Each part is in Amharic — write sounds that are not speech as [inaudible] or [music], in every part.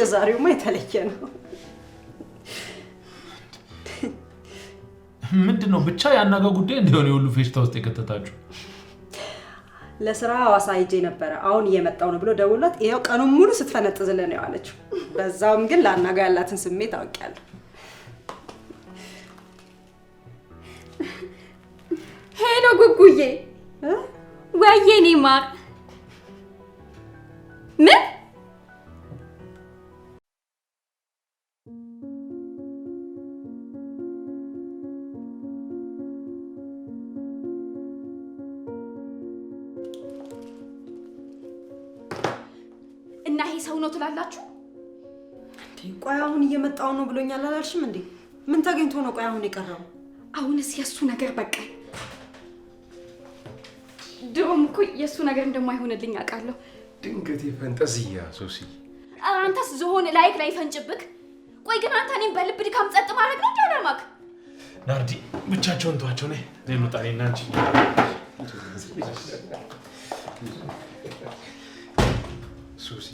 የዛሬውማ የተለየ ነው። ምንድን ነው ብቻ ያናጋ ጉዳይ እንዲሆን የሁሉ ፌሽታ ውስጥ የከተታችሁ? ለስራ ሐዋሳ ሄጄ ነበረ። አሁን እየመጣው ነው ብሎ ደውሏት፣ ይኸው ቀኑን ሙሉ ስትፈነጥዝልን ነው ያለችው። በዛውም ግን ለአናጋ ያላትን ስሜት አውቄያለሁ። ሄሎ ጉጉዬ፣ ወይዬ ማር ምን ላይ ሰው ነው ትላላችሁ? እንዴ ቆይ አሁን እየመጣው ነው ብሎኛል አላልሽም እንዴ? ምን ተገኝቶ ነው ቆይ አሁን የቀረው? አሁንስ የእሱ ነገር በቃ ድሮም እኮ የእሱ ነገር እንደማይሆንልኝ አውቃለሁ። ድንገት ፈንጠዝያ ሶሲ፣ አንተስ ዝሆን ላይክ ላይ ፈንጭብክ። ቆይ ግን አንተ እኔም በልብ ድካም ጸጥ ማድረግ ነው ዳላማክ። ናርዲ ብቻቸውን ተዋቸው ነ ጣኔ ናንቺ ሶሲ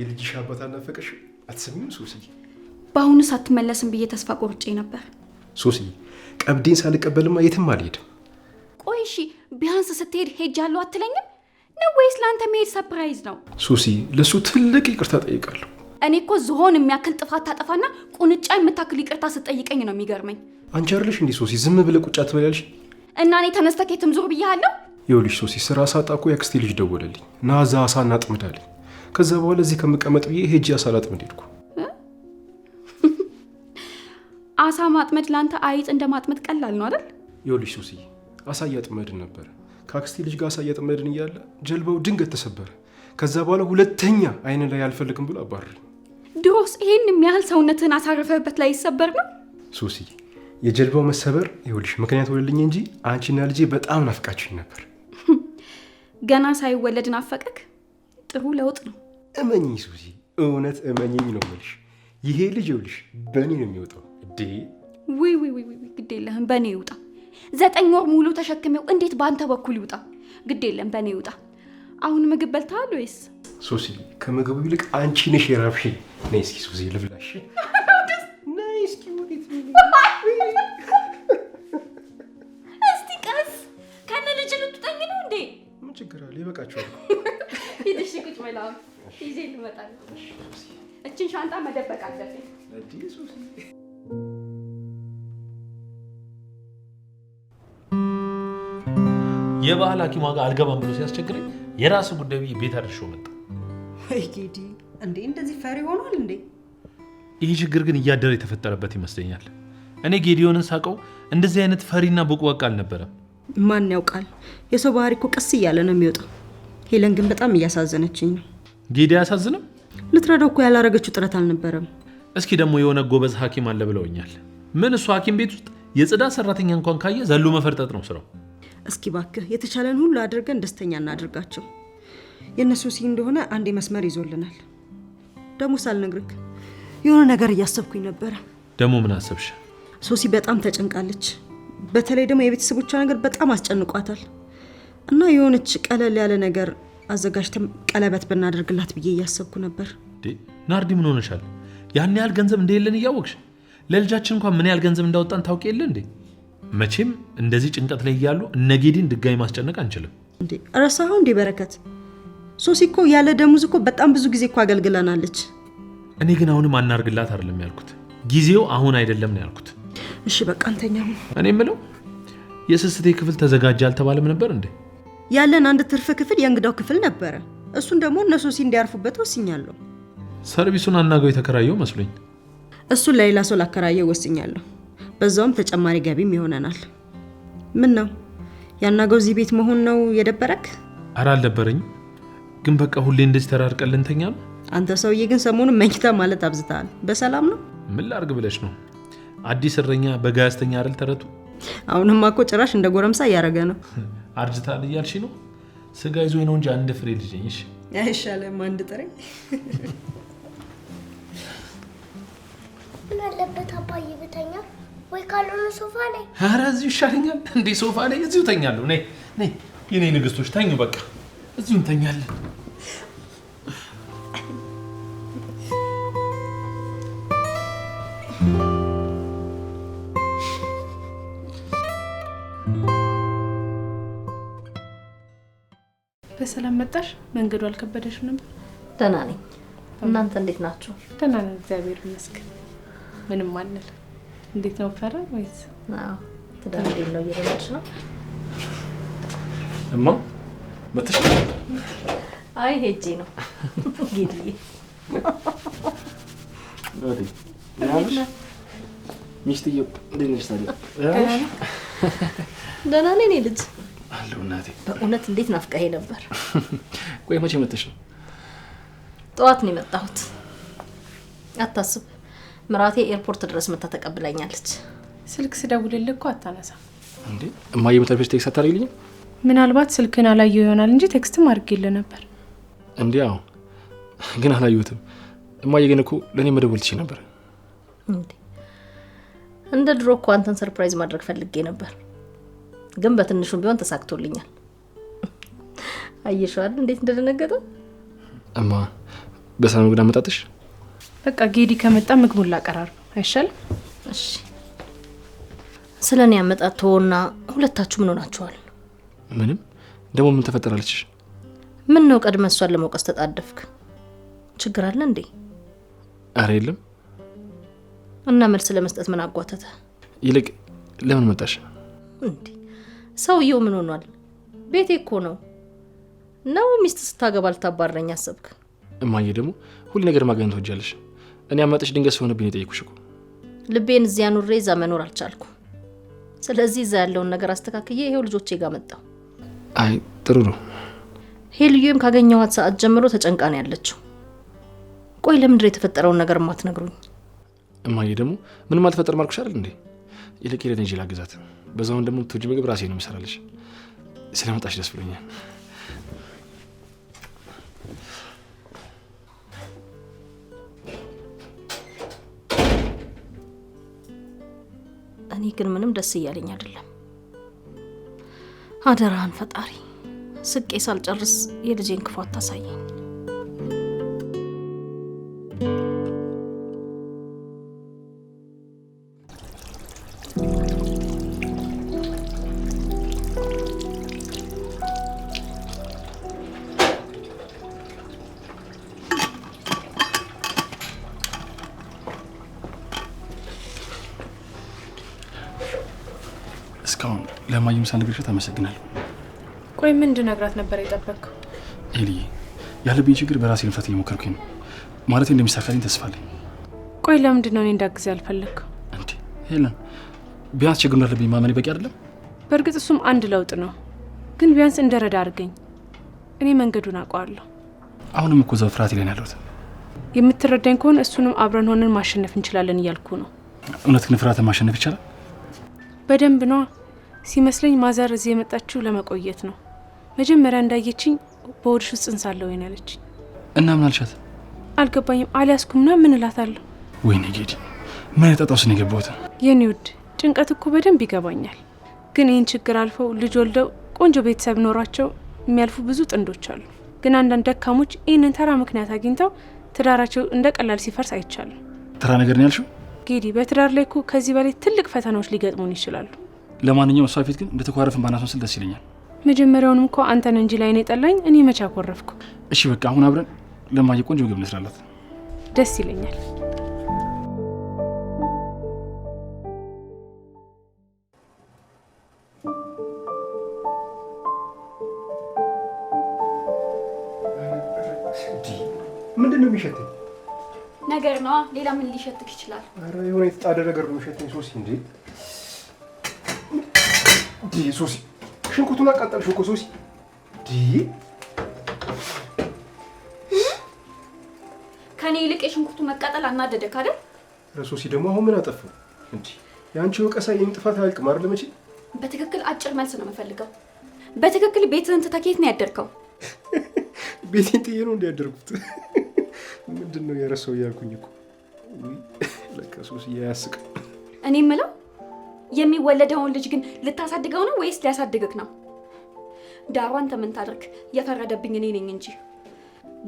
የልጅሽ አባት አልናፈቀሽ አትሰሚም ሶስዬ? በአሁኑ ሳትመለስም ብዬ ተስፋ ቆርጬ ነበር። ሶስዬ ቀብዴን ሳልቀበልማ የትም አልሄድም። ቆይ እሺ፣ ቢያንስ ስትሄድ ሄጃለሁ አትለኝም ነው ወይስ ለአንተ መሄድ ሰፕራይዝ ነው? ሶሲ ለእሱ ትልቅ ይቅርታ ጠይቃለሁ። እኔ እኮ ዝሆን የሚያክል ጥፋት ታጠፋና ቁንጫ የምታክል ይቅርታ ስትጠይቀኝ ነው የሚገርመኝ። አንቺ አይደለሽ እንዴ ሶሲ ዝም ብለህ ቁጫ ትበያለሽ? እና እኔ ተነስተህ ከየትም ዙር ብያለሁ። ይኸውልሽ ሶሲ ስራ ሳጣ እኮ ያክስቴ ልጅ ደወለልኝ ናዛ አሳ እናጥምዳለኝ ከዛ በኋላ እዚህ ከመቀመጥ ብዬ ሄጂ አሳ ላጥምድ ሄድኩ። አሳ ማጥመድ ለአንተ አይጥ እንደ ማጥመድ ቀላል ነው አይደል? ይኸውልሽ ሱስዬ አሳ እያጥመድን ነበር። ከአክስቴ ልጅ ጋር አሳ እያጥመድን እያለ ጀልባው ድንገት ተሰበረ። ከዛ በኋላ ሁለተኛ አይን ላይ አልፈልግም ብሎ አባረረኝ። ድሮስ ይህን የሚያህል ሰውነትህን አሳርፈበት ላይ ይሰበር ነው ሱስዬ። የጀልባው መሰበር ይኸውልሽ ምክንያት ወለልኝ እንጂ አንቺና ልጄ በጣም ናፍቃችሁኝ ነበር። ገና ሳይወለድ ናፈቀክ? ጥሩ ለውጥ ነው። እመኚኝ ሱዚ፣ እውነት እመኝኝ ነው የምልሽ። ይሄ ልጅ ይኸውልሽ በእኔ ነው የሚወጣው። እዴ ውይ ውይ ውይ፣ ግድ የለህም በእኔ ይውጣ። ዘጠኝ ወር ሙሉ ተሸክሜው እንዴት በአንተ በኩል ይውጣ? ግድ የለም በእኔ ይውጣ። አሁን ምግብ በልተሃል ወይስ? ሱሲ፣ ከምግቡ ይልቅ አንቺ ነሽ የራብሽኝ። ነይ እስኪ ሱሲ ልብላሽ [laughs] እስቲ ቀስ ከነ ልጅ ልትጠኝ ነው እንዴ? ምን ችግር አለ? ይበቃችኋል። መላው ይዤ እንመጣለን። እችን ሻንጣ መደበቅ አለብኝ። የባህል ሐኪሟ ጋር አልገባም ብሎ ሲያስቸግረኝ የራስ ጉዳይ ብዬ ቤት አድርሾ መጣ። ወይ ጌዲ፣ እንዴ እንደዚህ ፈሪ ሆኗል እንዴ? ይህ ችግር ግን እያደረ የተፈጠረበት ይመስለኛል። እኔ ጌዲዮንን ሳውቀው እንደዚህ አይነት ፈሪና ቦቅቧቃ አልነበረም። ማን ያውቃል? የሰው ባህሪ እኮ ቀስ እያለ ነው የሚወጣው። ሄለን ግን በጣም እያሳዘነችኝ ነው። ጌዲ አያሳዝንም? ልትረዳው እኮ ያላረገችው ጥረት አልነበረም። እስኪ ደግሞ የሆነ ጎበዝ ሐኪም አለ ብለውኛል። ምን እሱ ሐኪም ቤት ውስጥ የጽዳት ሰራተኛ እንኳን ካየ ዘሎ መፈርጠጥ ነው ስራው። እስኪ ባክህ የተቻለን ሁሉ አድርገን ደስተኛ እናድርጋቸው። የእነሱ ሲ እንደሆነ አንዴ መስመር ይዞልናል። ደግሞ ሳልነግርክ የሆነ ነገር እያሰብኩኝ ነበረ። ደግሞ ምን አሰብሽ? ሶሲ በጣም ተጨንቃለች። በተለይ ደግሞ የቤተሰቦቿ ነገር በጣም አስጨንቋታል። እና የሆነች ቀለል ያለ ነገር አዘጋጅተን ቀለበት ብናደርግላት ብዬ እያሰብኩ ነበር። ናርዲ ምን ሆነሻል? ያን ያህል ገንዘብ እንደሌለን እያወቅሽ ለልጃችን እንኳን ምን ያህል ገንዘብ እንዳወጣን ታውቅ የለ እንዴ? መቼም እንደዚህ ጭንቀት ላይ እያሉ እነጌዲን ድጋይ ድጋሚ ማስጨነቅ አንችልም። እንዴ ረሳሁ እንዴ በረከት፣ ሶሲ እኮ ያለ ደሞዝ እኮ በጣም ብዙ ጊዜ እኮ አገልግለናለች። እኔ ግን አሁንም አናርግላት አይደለም ያልኩት፣ ጊዜው አሁን አይደለም ነው ያልኩት። እሺ በቃ እንተኛ። እኔ የምለው የስስቴ ክፍል ተዘጋጀ አልተባለም ነበር እንዴ? ያለን አንድ ትርፍ ክፍል የእንግዳው ክፍል ነበረ። እሱን ደግሞ እነሱ ሲ እንዲያርፉበት ወስኛለሁ። ሰርቪሱን አናገው የተከራየው መስሎኝ፣ እሱን ለሌላ ሰው ላከራየው ወስኛለሁ። በዛውም ተጨማሪ ገቢም ይሆነናል። ምን ነው ያናገው እዚህ ቤት መሆን ነው የደበረክ? አረ አልደበረኝ፣ ግን በቃ ሁሌ እንደዚህ ተራርቀን ልንተኛ አንተ ሰውዬ ግን ሰሞኑን መኝታ ማለት አብዝተሃል። በሰላም ነው? ምን ላርግ ብለሽ ነው? አዲስ እረኛ በጋ ያስተኛ አይደል ተረቱ። አሁንማ እኮ ጭራሽ እንደ ጎረምሳ እያደረገ ነው። [laughs] አርጅታል እያልሽ ነው? ስጋ ይዞ ነው እንጂ አንድ ፍሬ ልጅ ነኝ። እሺ አንድ ጥሬ ምን አለበት አባዬ ብተኛ ወይ ካልሆነ ሶፋ ላይ። ኧረ እዚሁ ይሻለኛል እንዴ ሶፋ ላይ እዚሁ ተኛለሁ። ነይ ነይ የኔ ንግስቶች ተኙ፣ በቃ እዚሁ እንተኛለን። መጣሽ? መንገዱ አልከበደሽም ነበር? ደህና ነኝ። እናንተ እንዴት ናችሁ? ደህና ነን፣ እግዚአብሔር ይመስገን። ምንም አንል። እንዴት ነው ፈረ? ወይስ ትዳር እንዴት ነው እየሄደች ነው? እማ መተሽ? አይ ሄጄ ነው ጌድዬ ሚስትዬ፣ ደህና ነኝ። እኔ ልጅ እናቴ በእውነት እንዴት ናፍቃዬ ነበር። [laughs] ቆይ መቼ መጥተሽ ነው? ጠዋት ነው የመጣሁት። አታስብ፣ ምራቴ ኤርፖርት ድረስ መታ ተቀብላኛለች። ስልክ ስደውልልህ እኮ አታነሳም እንዴ? እማዬ መታልፈች ቴክስት አታደርግልኝም? ምናልባት ስልክን አላየው ይሆናል እንጂ ቴክስትም አድርጌልህ ነበር። እንዴ? አዎ፣ ግን አላየሁትም። እማዬ ግን እኮ ለእኔ መደወል ትችል ነበር። እንደ ድሮ እኮ አንተን ሰርፕራይዝ ማድረግ ፈልጌ ነበር። ግን በትንሹም ቢሆን ተሳክቶልኛል። አየሸዋል እንዴት እንደደነገጠ እማ። በሰላም ምግብ አመጣጥሽ። በቃ ጌዲ ከመጣ ምግቡን ላቀራርብ አይሻልም? እሺ። ስለ እኔ አመጣጥ ሁለታችሁ ምን ሆናችኋል? ምንም። ደግሞ ምን ተፈጠራለች? ምን ነው ቀድመ እሷን ለመውቀስ ተጣደፍክ? ችግር አለ እንዴ? አረ የለም። እና መልስ ለመስጠት ምን አጓተተ? ይልቅ ለምን መጣሽ? እንዴ ሰውየው ምን ሆኗል? ቤቴ እኮ ነው። ነው ሚስት ስታገባ ልታባረኝ አሰብክ? እማዬ ደግሞ ሁሉ ነገር ማግኘት ትወጃለሽ። እኔ አመጠሽ ድንገት ሲሆንብኝ የጠየኩሽ እኮ። ልቤን እዚያ ኑሬ እዛ መኖር አልቻልኩ። ስለዚህ እዛ ያለውን ነገር አስተካክዬ ይሄው ልጆቼ ጋር መጣሁ። አይ ጥሩ ነው። ሄልዩም ካገኘኋት ሰዓት ጀምሮ ተጨንቃ ነው ያለችው። ቆይ ለምንድን የተፈጠረውን ነገር ማትነግሩኝ? እማዬ ደግሞ ምንም አልተፈጠረም አልኩሽ አይደል እንዴ? ይልቅ ሄደን እንጂ ላግዛት። በዛውን ደግሞ ትውጅ ምግብ ራሴ ነው የምሰራልሽ። ስለመጣሽ ደስ ብሎኛል። እኔ ግን ምንም ደስ እያለኝ አይደለም። አደራህን ፈጣሪ ስቄ ሳልጨርስ የልጄን ክፉ አታሳየኝ። ሳልነግርሻት አመሰግናለሁ። ቆይ ምን እንድነግራት ነበር የጠበቅከው? ኤልዬ፣ ያለብኝ ችግር በራሴ ልፈት እየሞከርኩኝ ነው። ማለት እንደሚሳካልኝ ተስፋ አለኝ። ቆይ ለምንድን ነው እኔ እንዳግዝ ያልፈለግከው? እንዴ ሄለን፣ ቢያንስ ችግር እንዳለብኝ ማመን በቂ አይደለም? በእርግጥ እሱም አንድ ለውጥ ነው፣ ግን ቢያንስ እንደረዳ አድርገኝ። እኔ መንገዱን አውቀዋለሁ። አሁንም እኮ እዛው ፍርሃት ይለን ያለሁት የምትረዳኝ ከሆነ እሱንም አብረን ሆነን ማሸነፍ እንችላለን እያልኩ ነው። እውነት ግን ፍርሃትን ማሸነፍ ይቻላል? በደንብ ነዋ። ሲመስለኝ ማዘር እዚህ የመጣችው ለመቆየት ነው። መጀመሪያ እንዳየችኝ በወድሽ ውስጥ ጽንስ አለ ወይን አለችኝ። እና ምን አልሻት? አልገባኝም። አልያዝኩምና ምን እላታለሁ? ወይኔ ጌዲ፣ ምን አይነት ነው የገባሁት? የኔ ውድ ጭንቀት እኮ በደንብ ይገባኛል። ግን ይህን ችግር አልፈው ልጅ ወልደው ቆንጆ ቤተሰብ ኖሯቸው የሚያልፉ ብዙ ጥንዶች አሉ። ግን አንዳንድ ደካሞች ይህንን ተራ ምክንያት አግኝተው ትዳራቸው እንደ ቀላል ሲፈርስ አይቻልም። ተራ ነገር ነው ያልሽው ጌዲ። በትዳር ላይ እኮ ከዚህ በላይ ትልቅ ፈተናዎች ሊገጥሙን ይችላሉ። ለማንኛውም እሷ ፊት ግን እንደተኳረፍን ባናስመስል ደስ ይለኛል። መጀመሪያውንም እኮ አንተን እንጂ ላይ ነው የጠላኝ። እኔ መቼ አኮረፍኩ? እሺ በቃ አሁን አብረን ለማየ ቆንጆ ምግብ እንስራላት። ደስ ይለኛል። ምንድን ነው የሚሸተኝ? ነገር ነዋ። ሌላ ምን ሊሸትክ ይችላል? ኧረ የሆነ የተጣደ ነገር ነው የሚሸተኝ ሶስ እንዴ ሶሲ ሽንኩርቱን አቃጠልሽው እኮ ሶሲ። ከኔ ይልቅ የሽንኩርቱ መቃጠል አናደደክ አይደል? ሶሲ ደግሞ አሁን ምን አጠፋው? እንዲ የአንቺ ወቀሳ ጥፋት በትክክል አጭር መልስ ነው የምፈልገው። በትክክል ቤትህን ትተህ ከየት ነው ያደርከው? [laughs] ቤቴን ጥዬ ነው እንዲያደርጉት [laughs] ምንድን ነው የረሳው እያልኩኝ እኮ ለካ ሶሲ ያስቅ። እኔ የሚወለደውን ልጅ ግን ልታሳድገው ነው ወይስ ሊያሳድግክ ነው? ዳሯን አንተ የፈረደብኝ እኔ ነኝ እንጂ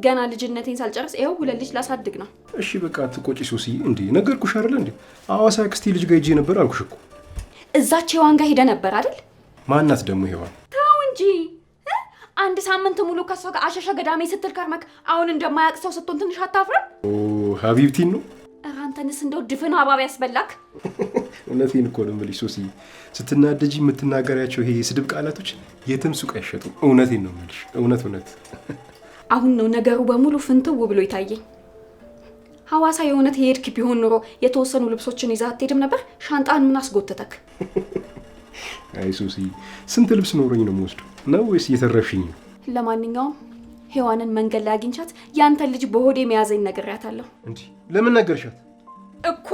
ገና ልጅነቴን ሳልጨርስ ይኸው ሁለት ልጅ ላሳድግ ነው። እሺ በቃ አትቆጪ ሶሲ። እንዴ ነገርኩሽ አይደለ እንዴ አዋሳ ክስቴ ልጅ ጋር ሂጄ ነበር አልኩሽ እኮ። እዛች ሔዋን ጋር ሄደ ነበር አይደል? ማናት ደግሞ ሔዋን? ተው እንጂ አንድ ሳምንት ሙሉ ከሷ ጋር አሸሸ ገዳሜ ስትል ከርመክ አሁን እንደማያውቅ ሰው ስትሆን ትንሽ አታፍርም? ሀቢብቲን ነው አንተንስ እንደው ድፍን አባብ ያስበላክ። [laughs] እውነቴን እኮ ነው የምልሽ ሶሲ፣ ስትናደጂ የምትናገሪያቸው ይሄ የስድብ ቃላቶች የትም ሱቅ አይሸጡም። እውነቴን ነው የምልሽ፣ እውነት እውነት። [laughs] አሁን ነው ነገሩ በሙሉ ፍንትው ብሎ ይታየኝ። ሐዋሳ የእውነት የሄድክ ቢሆን ኑሮ የተወሰኑ ልብሶችን ይዛ አትሄድም ነበር? ሻንጣን ምን አስጎተተክ? [laughs] አይ ሶሲ፣ ስንት ልብስ ኖሮኝ ነው የምወስዱ ነው ወይስ እየተረፍሽኝ ነው? ለማንኛውም ሔዋንን መንገድ ላይ አግኝቻት ያንተን ልጅ በሆዴ መያዘኝ ነግሬያታለሁ። እንዲህ ለምን ነገርሻት? እኮ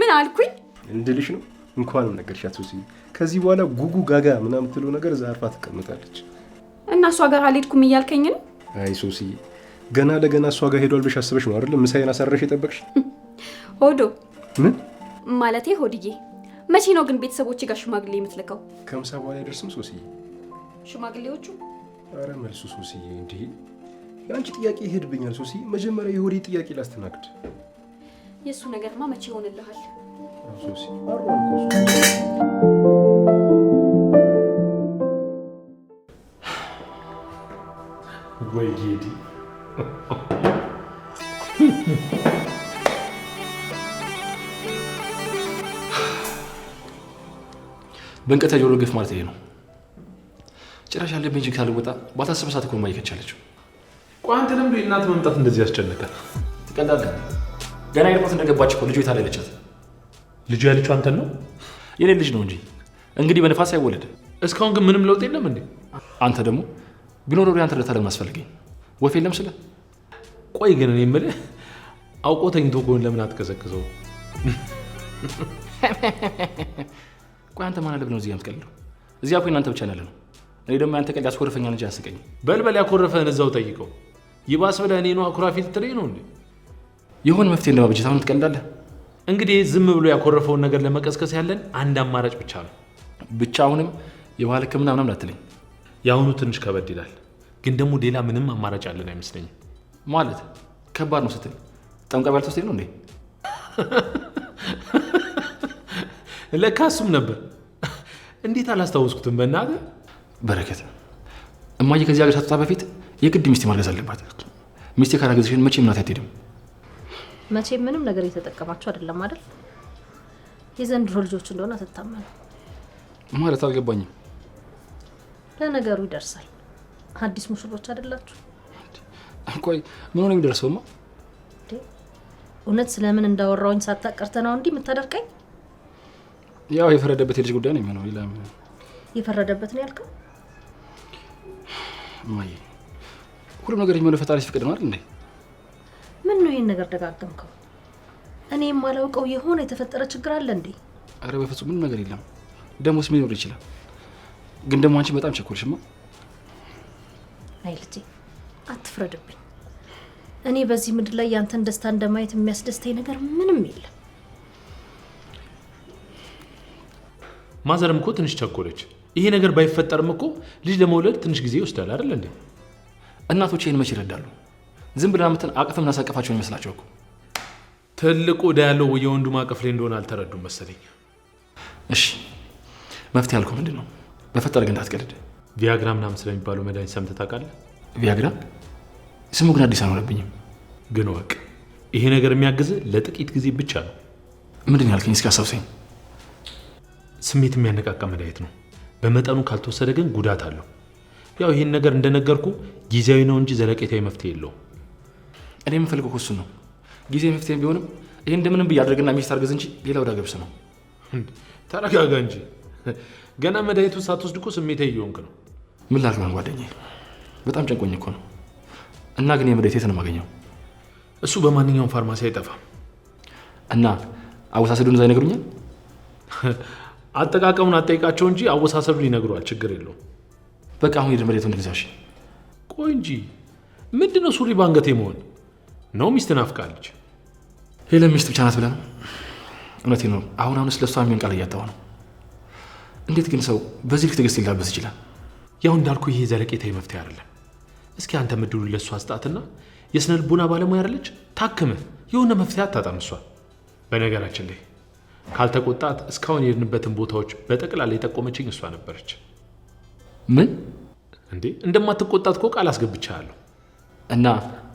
ምን አልኩኝ እንድልሽ ነው። እንኳንም ነገርሻት ሶሲ። ከዚህ በኋላ ጉጉ ጋጋ ምናምን የምትለው ነገር እዛ አርፋ ትቀምጣለች። እና እሷ ጋር አልሄድኩም እያልከኝ ነው? አይ ሶሲ፣ ገና ለገና እሷ ጋር ሄዷል ብለሽ አስበሽ ነው አይደለም? ምሳዬን አሳረሽ የጠበቅሽ [laughs] ሆዶ። ምን ማለቴ ሆድዬ። መቼ ነው ግን ቤተሰቦች ጋር ሽማግሌ የምትልከው? ከምሳ በኋላ አይደርስም ሶሲ። ሽማግሌዎቹ አረ መልሱ ሶሲ። እንዲህ የአንቺ ጥያቄ ይሄድብኛል ሶሲ። መጀመሪያ የሆዴ ጥያቄ ላስተናግድ የእሱ ነገርማ መቼ ይሆንልሃል? ወይ ጌዲ በእንቀት ጆሮ ገፍ ማለት ይሄ ነው። ጭራሽ ያለብኝ ችግር ካልወጣ ባታሰበሳት እኮ ማይከቻለችው። ቆይ አንተ ለምዶ የእናት መምጣት እንደዚህ ያስጨነቀ? ትቀልዳለህ። ገና ኤርፖርት እንደገባች እኮ ልጁ የታለለቻት። ልጁ ያለችው አንተን ነው። የኔ ልጅ ነው እንጂ እንግዲህ በነፋስ አይወለድ። እስካሁን ግን ምንም ለውጥ የለም እንዴ? አንተ ደግሞ ቢኖር ወደ አንተ ለታለም አስፈልገኝ ወፍ የለም ስለ ቆይ ግን እኔ የምልህ አውቆ ተኝቶ ጎን ለምን አትቀዘቅዘው? [laughs] ቆይ አንተ ማን አለ ነው እዚህ ያምትቀልለው እዚያ እኮ እናንተ ብቻ ያለ ነው። እኔ ደግሞ ያንተ ቀልድ ያስኮርፈኛል እንጂ አያስቀኝም። በልበል ያኮረፈህን እዛው ጠይቀው። ይባስ ብለህ እኔ ነው አኩራፊ ትትለኝ ነው እንዴ? የሆነ መፍትሄ ለማበጀት አሁን ትቀልዳለህ። እንግዲህ ዝም ብሎ ያኮረፈውን ነገር ለመቀስቀስ ያለን አንድ አማራጭ ብቻ ነው። ብቻ አሁንም የባህል ሕክምና ምናምን አትለኝ። የአሁኑ ትንሽ ከበድ ይላል፣ ግን ደግሞ ሌላ ምንም አማራጭ ያለን አይመስለኝም። ማለት ከባድ ነው ስትል ጠምቃቢ ያልተወሰደ ነው እንዴ? [laughs] ለካ እሱም ነበር። እንዴት አላስታወስኩትም? በእናትህ በረከት፣ እማዬ ከዚህ ሀገር ሳትወጣ በፊት የግድ ሚስቴ ማርገዝ አለባት። ሚስቴ ካላገዝሽን መቼ ምናት አትሄድም። መቼ ምንም ነገር እየተጠቀማቸው አይደለም አይደል? የዘንድሮ ልጆች እንደሆነ አትታመኑ ማለት አልገባኝም። ለነገሩ ይደርሳል። አዲስ ሙሽሮች አይደላችሁ። ቆይ ምን ሆነ የሚደርሰውማ? እውነት ስለምን እንዳወራውኝ ሳታቀርተ ነው እንዲህ የምታደርቀኝ? ያው የፈረደበት የልጅ ጉዳይ ነው የሚሆነው። ሌላ የፈረደበት ነው ያልከው? እማዬ፣ ሁሉም ነገር የሚሆነው ፈጣሪ ሲፈቅድ ነው አይደል እንዴ? ምን ነው ይሄን ነገር ደጋገምከው? እኔ የማላውቀው የሆነ የተፈጠረ ችግር አለ እንዴ? አረ በፍጹም ምንም ነገር የለም። ደሞስ ሊኖር ይችላል። ግን ደግሞ አንቺ በጣም ቸኮልሽማ። አይ ልጄ አትፍረድብኝ። እኔ በዚህ ምድር ላይ ያንተን ደስታ እንደማየት የሚያስደስተኝ ነገር ምንም የለም። ማዘርም እኮ ትንሽ ቸኮለች። ይሄ ነገር ባይፈጠርም እኮ ልጅ ለመውለድ ትንሽ ጊዜ ይወስዳል አይደል እንዴ? እናቶች ይህን መች ይረዳሉ? ዝም ብለን አምተን አቅፈን ምናሳቀፋቸው ይመስላቸው እኮ ትልቁ ዕዳ ያለው የወንዱ ማቀፍ ላይ እንደሆነ አልተረዱም መሰለኝ። እሺ መፍትሄ ያልኩ ምንድን ነው? በፈጠረ ግን እንዳትቀልድ። ቪያግራ ምናምን ስለሚባለው መድኃኒት ሰምተህ ታውቃለህ? ቪያግራ ስሙ ግን አዲስ አልሆነብኝም። ግን ወቅ ይሄ ነገር የሚያግዝ ለጥቂት ጊዜ ብቻ ነው። ምንድን ያልከኝ? እስኪ አሳውሰኝ። ስሜት የሚያነቃቃ መድኃኒት ነው። በመጠኑ ካልተወሰደ ግን ጉዳት አለው። ያው ይህን ነገር እንደነገርኩ ጊዜያዊ ነው እንጂ ዘለቄታዊ መፍትሄ የለውም። እኔ የምፈልገው እሱን ነው። ጊዜ መፍትሄ ቢሆንም ይህ እንደምንም ብዬ አድርግና ሚስት አርግዝ እንጂ ሌላ ወደ ገብስ ነው። ተረጋጋ እንጂ ገና መድኃኒቱ ሳትወስድ እኮ ስሜታዊ እየሆንክ ነው። ምን ላድርግ ማን ጓደኛዬ፣ በጣም ጨንቆኝ እኮ ነው። እና ግን የመድኃኒት የት ነው የማገኘው? እሱ በማንኛውም ፋርማሲ አይጠፋም። እና አወሳሰዱን እዛ ይነግሩኛል። አጠቃቀሙን አጠይቃቸው እንጂ አወሳሰዱን ይነግሯል። ችግር የለውም። በቃ አሁን የደመደቱን ልግዛሽ። ቆይ እንጂ ምንድነው ሱሪ ባንገቴ መሆን ነው ሚስት ናፍቃለች። ሄለን ሚስት ብቻ ናት ብለህ ነው? እውነቴ ነው። አሁን አሁን ስለ እሷ የሚሆን ቃል እያጣሁ ነው። እንዴት ግን ሰው በዚህ ልክ ትዕግስት ሊላበስ ይችላል? ያው እንዳልኩ ይሄ ዘለቄታዊ መፍትሄ አይደለም። እስኪ አንተ ምድሉ ለእሷ አስጣትና የስነ ልቦና ባለሙያ አይደለች? ታክምህ የሆነ መፍትሄ አታጣም እሷ። በነገራችን ላይ ካልተቆጣት እስካሁን የሄድንበትን ቦታዎች በጠቅላላ የጠቆመችኝ እሷ ነበረች። ምን እንዴ እንደማትቆጣት እኮ ቃል አስገብቻለሁ እና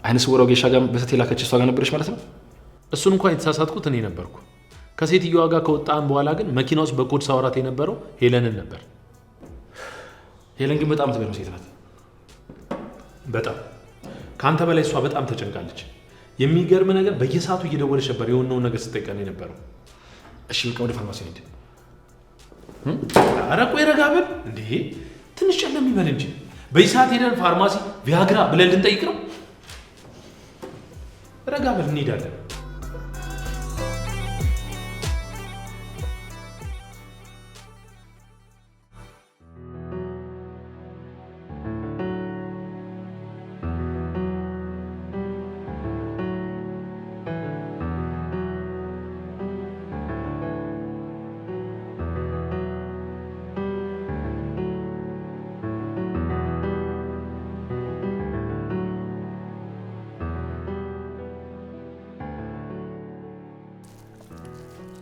አይነ ስውራው ጌሻ ጋር በሰት የላከች እሷ ጋር ነበረች ማለት ነው። እሱን እንኳን የተሳሳትኩት እኔ ነበርኩ። ከሴትዮዋ ጋር ከወጣን በኋላ ግን መኪና ውስጥ በኮድ ሳወራት የነበረው ሄለንን ነበር። ሄለን ግን በጣም ትገርም ሴት ናት። በጣም ከአንተ በላይ እሷ በጣም ተጨንቃለች። የሚገርም ነገር በየሰዓቱ እየደወለች ነበር የሆነውን ነገር ስጠይቀን የነበረው። እሺ በቃ ወደ ፋርማሲ ሄድ። ኧረ ቆይ ረጋ በል እንዴ፣ ትንሽ ጨለም ይበል እንጂ በዚህ ሄደን ፋርማሲ ቪያግራ ብለን ልንጠይቅ ነው ረጋ ብለን እንሄዳለን።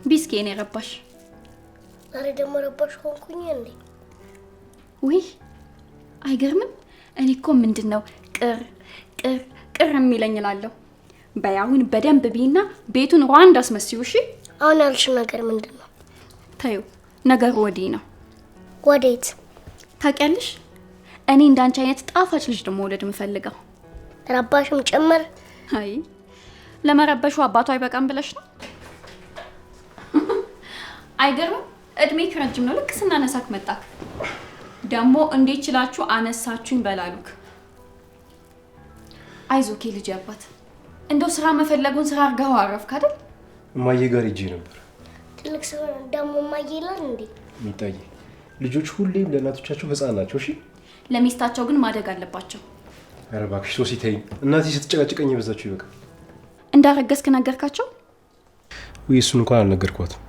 ቢስኬን የረባሽ ዛሬ ደግሞ ረባሽ ሆንኩኝ እንዴ? ውይ አይገርምም። እኔ እኮ ምንድን ነው ቅር ቅር ቅር የሚለኝ እላለሁ። በይ አሁን በደንብ ቢና ቤቱን ሯንድ አስመስዩ። እሺ አሁን ያልሽ ነገር ምንድን ነው? ተይው፣ ነገሩ ወዲህ ነው። ወዴት? ታውቂያለሽ፣ እኔ እንዳንቺ አይነት ጣፋጭ ልጅ ደሞ ወለድ የምፈልገው ረባሽም ጭምር። አይ ለመረበሹ አባቱ አይበቃም ብለሽ ነው አይገርምም? እድሜ ረጅም ነው። ልክ ስናነሳክ መጣክ። ደግሞ እንዴት ችላችሁ አነሳችሁኝ በላሉክ። አይዞኬ ልጅ አባት፣ እንደው ስራ መፈለጉን ስራ አርጋው አረፍክ አይደል? እማዬ ጋር ሂጅ ነበር። ትልቅ ሰው ደግሞ እማዬ ይላል እንዴ? ሚጣዬ፣ ልጆች ሁሌም ለእናቶቻቸው ህፃን ናቸው። እሺ፣ ለሚስታቸው ግን ማደግ አለባቸው። ኧረ እባክሽ ሶሲ ተይኝ። እናቴ ስትጨቃጭቀኝ የበዛቸው ይበቃል። እንዳረገዝክ ነገርካቸው ወይ? እሱን እንኳን አልነገርኳትም።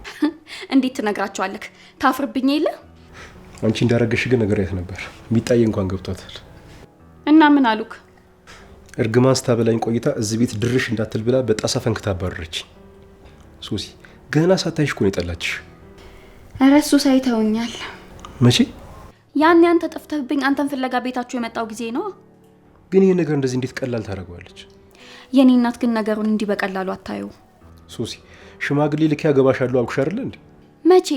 እንዴት ትነግራቸዋለህ? ታፍርብኝ የለ አንቺ እንዳረገሽ ግን ነግሬያት ነበር። ቢጣይ እንኳን ገብቷታል። እና ምን አሉክ? እርግማን ስታበላኝ ቆይታ እዚህ ቤት ድርሽ እንዳትል ብላ በጣሳ ፈንክታ አባረረች። ሶሲ ገና ሳታይሽ እኮ የጠላችሽ። ኧረ እሱ ሳይተውኛል። መቼ? ያን አንተ ጠፍተህብኝ አንተን ፍለጋ ቤታችሁ የመጣው ጊዜ ነው። ግን ይሄ ነገር እንደዚህ እንዴት ቀላል ታደርገዋለች? የኔ እናት ግን ነገሩን እንዲህ በቀላሉ አታየው። ሶሲ ሽማግሌ ልክ ያገባሻለሁ አልኩሽ አይደለ እንዴ? መቼ?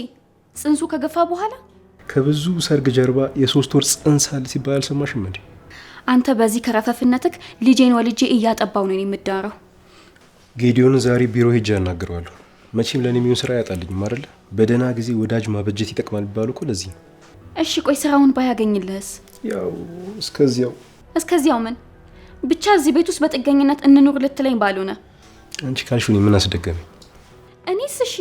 ጽንሱ ከገፋ በኋላ ከብዙ ሰርግ ጀርባ የሶስት ወር ጽንስ አለ ሲባል አልሰማሽም እንዴ? አንተ በዚህ ከረፈፍነትክ ልጄን ወልጄ እያጠባው ነው የምዳረው። ጌዲዮን ዛሬ ቢሮ ሄጄ አናግረዋለሁ። መቼም ለእኔ የሚሆን ስራ ያጣልኝም አይደለ? በደህና ጊዜ ወዳጅ ማበጀት ይጠቅማል የሚባሉ እኮ ለዚህ ነው። እሺ ቆይ ስራውን ባያገኝልህስ? ያው እስከዚያው እስከዚያው ምን ብቻ እዚህ ቤት ውስጥ በጥገኝነት እንኑር ልትለኝ ባልሆነ አንቺ ካልሽ እኔ ምን አስደገመኝ? እኔስ እሺ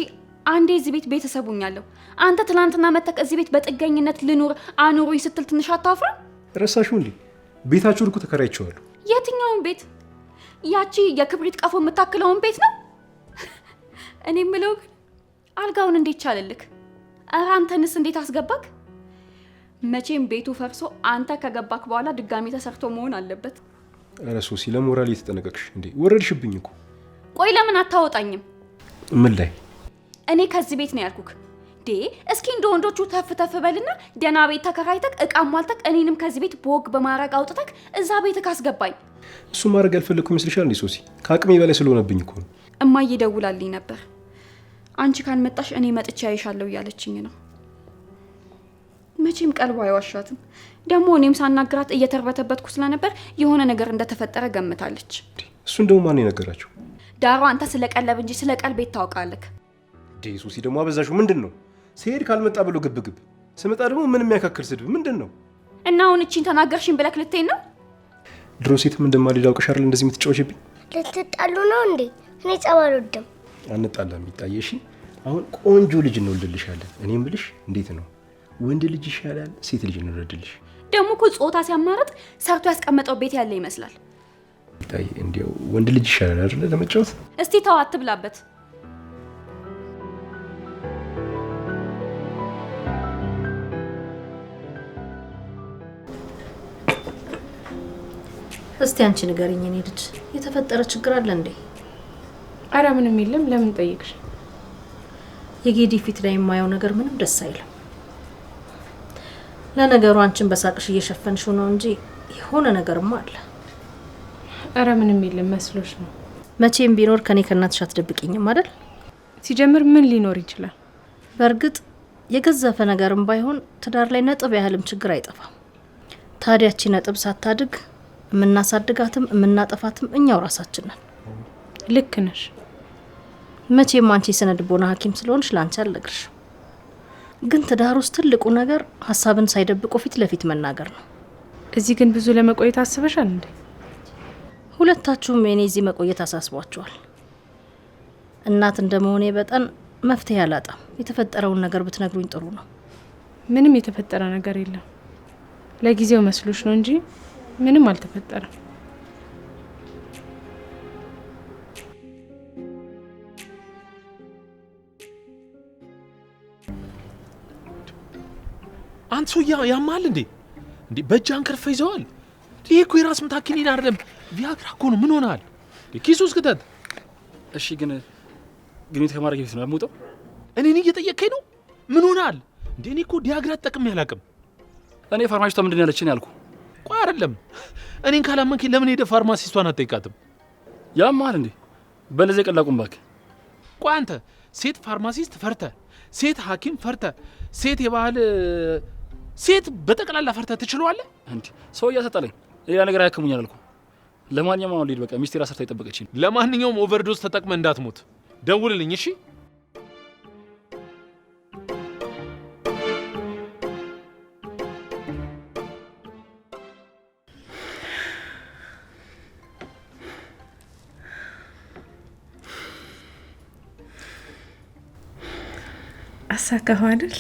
አንዴ እዚህ ቤት ቤተሰቡኛለሁ። አንተ ትናንትና መተክ እዚህ ቤት በጥገኝነት ልኑር አኑሩኝ ስትል ትንሽ አታፍርም? ረሳሹ እንዴ? ቤታችሁን እኮ ተከራይቼዋለሁ። የትኛውን ቤት? ያቺ የክብሪት ቀፎ የምታክለውን ቤት ነው? እኔ ምለው ግን አልጋውን እንዴት ቻለልክ? እረ አንተንስ እንዴት አስገባክ? መቼም ቤቱ ፈርሶ አንተ ከገባክ በኋላ ድጋሚ ተሰርቶ መሆን አለበት። እረ ሶሲ፣ ለሞራል እየተጠነቀቅሽ እንዴ? ወረድሽብኝ እኮ። ቆይ ለምን አታወጣኝም? ምን ላይ እኔ ከዚህ ቤት ነው ያልኩክ። ዴ እስኪ እንደ ወንዶቹ ተፍ ተፍ በልና ደና ቤት ተከራይተክ እቃ ሟልተክ እኔንም ከዚህ ቤት በወግ በማድረግ አውጥተክ እዛ ቤት ካስገባኝ። እሱ ማድረግ ያልፈለግኩ ይመስልሻል እንዲ ሶሲ? ከአቅሜ በላይ ስለሆነብኝ እኮ ነው። እማዬ ደውላልኝ ነበር። አንቺ ካልመጣሽ እኔ መጥቼ አይሻለሁ እያለችኝ ነው። መቼም ቀልቧ አይዋሻትም። ደግሞ እኔም ሳናግራት እየተርበተበትኩ ስለነበር የሆነ ነገር እንደተፈጠረ ገምታለች። እሱ እንደው ማን የነገራቸው? ዳሮ አንተ ስለ ቀለብ እንጂ ስለ ቀልቤት ታውቃለክ። ሱሲ ደግሞ አበዛሹ። ምንድን ነው ሲሄድ ካልመጣ ብሎ ግብግብ፣ ስመጣ ደግሞ ምን የሚያካክል ስድብ ምንድን ነው? እና አሁን እቺን ተናገርሽኝ ብለክ ልትይኝ ነው? ድሮ ሴትም እንደማልሄድ አውቀሻል። እንደዚህ የምትጫወችብኝ ልትጣሉ ነው እንዴ? እኔ ጸብ አልወድም። አንጣላም ይታየሽ። አሁን ቆንጆ ልጅ እንወልድልሻለን። እኔም የምልሽ እንዴት ነው ወንድ ልጅ ይሻላል ሴት ልጅ እንወልድልሽ? ደግሞ እኮ ጾታ ሲያማረጥ ሰርቶ ያስቀመጠው ቤት ያለ ይመስላል። ይታይ እንዲያው ወንድ ልጅ ይሻላል አይደለ? ለመጫወት እስቲ ተው አትብላበት። እስቲ አንቺ ንገሪኝ የኔ ልጅ የተፈጠረ ችግር አለ እንዴ? አረ ምንም የለም። ለምን ጠይቅሽ? የጌዲ ፊት ላይ የማየው ነገር ምንም ደስ አይልም። ለነገሩ አንቺን በሳቅሽ እየሸፈንሽው ነው እንጂ የሆነ ነገርማ አለ። አረ ምንም የለም መስሎሽ ነው። መቼም ቢኖር ከኔ ከእናትሽ አትደብቂኝም አይደል? ሲጀምር ምን ሊኖር ይችላል? በእርግጥ የገዘፈ ነገርም ባይሆን ትዳር ላይ ነጥብ ያህልም ችግር አይጠፋም። ታዲያቺ ነጥብ ሳታድግ የምናሳድጋትም የምናጠፋትም እኛው ራሳችን ነን። ልክ ነሽ። መቼም አንቺ የስነ ልቦና ሐኪም ስለሆንሽ ለአንቺ አልነግርሽ። ግን ትዳር ውስጥ ትልቁ ነገር ሀሳብን ሳይደብቁ ፊት ለፊት መናገር ነው። እዚህ ግን ብዙ ለመቆየት አስበሻል እንዴ? ሁለታችሁም የኔ እዚህ መቆየት አሳስቧቸዋል። እናት እንደመሆኔ በጠን መፍትሄ አላጣም። የተፈጠረውን ነገር ብትነግሩኝ ጥሩ ነው። ምንም የተፈጠረ ነገር የለም። ለጊዜው መስሎች ነው እንጂ ምንም አልተፈጠረም። አንተ ሰው ያማል እንዴ? እንዴ በእጅ አንከርፈ ይዘዋል። ይሄ እኮ የራስ ምታት ክኒን አይደለም፣ ቪያግራ እኮ ነው። ምን ሆናል? ኪሱ ውስጥ ክተት። እሺ ግን ግንኙነት ከማድረግ በፊት ነው የምወጣው። እኔን እየጠየቅከኝ ነው? ምን ሆናል እንዴ? እኔ እኮ ዲያግራ ተጠቅሜ አላውቅም። እኔ ፋርማሲስቷ ምንድን ያለችን ያልኩ ቆይ አይደለም፣ እኔን ካላመንከኝ ለምን ሄደህ ፋርማሲስቷን አትጠይቃትም? ያማል እንዴ? በለዚያ ቀላቁም ባክ። ቆይ አንተ ሴት ፋርማሲስት ፈርተ፣ ሴት ሐኪም ፈርተ፣ ሴት የባህል ሴት በጠቅላላ ፈርተ ትችለዋለህ እንዴ? ሰው እያሰጠለኝ ሌላ ነገር አያክሙኛል አልኩ። ለማንኛውም አሁን ልሂድ በቃ፣ ሚስቴር አሰርታ የጠበቀች። ለማንኛውም ኦቨርዶዝ ተጠቅመ እንዳትሞት ደውልልኝ እሺ። አሳካሁ አይደል?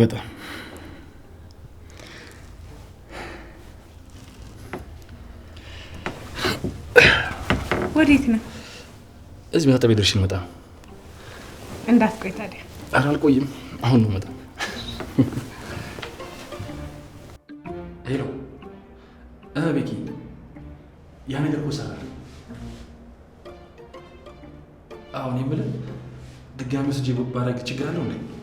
በጣም ወዴት ነው? እዚህ መታጠቢያ ደርሼ ልመጣ ነው። እንዳትቆይ ታዲያ። ኧረ አልቆይም፣ አሁን ነው መጣ alex de né?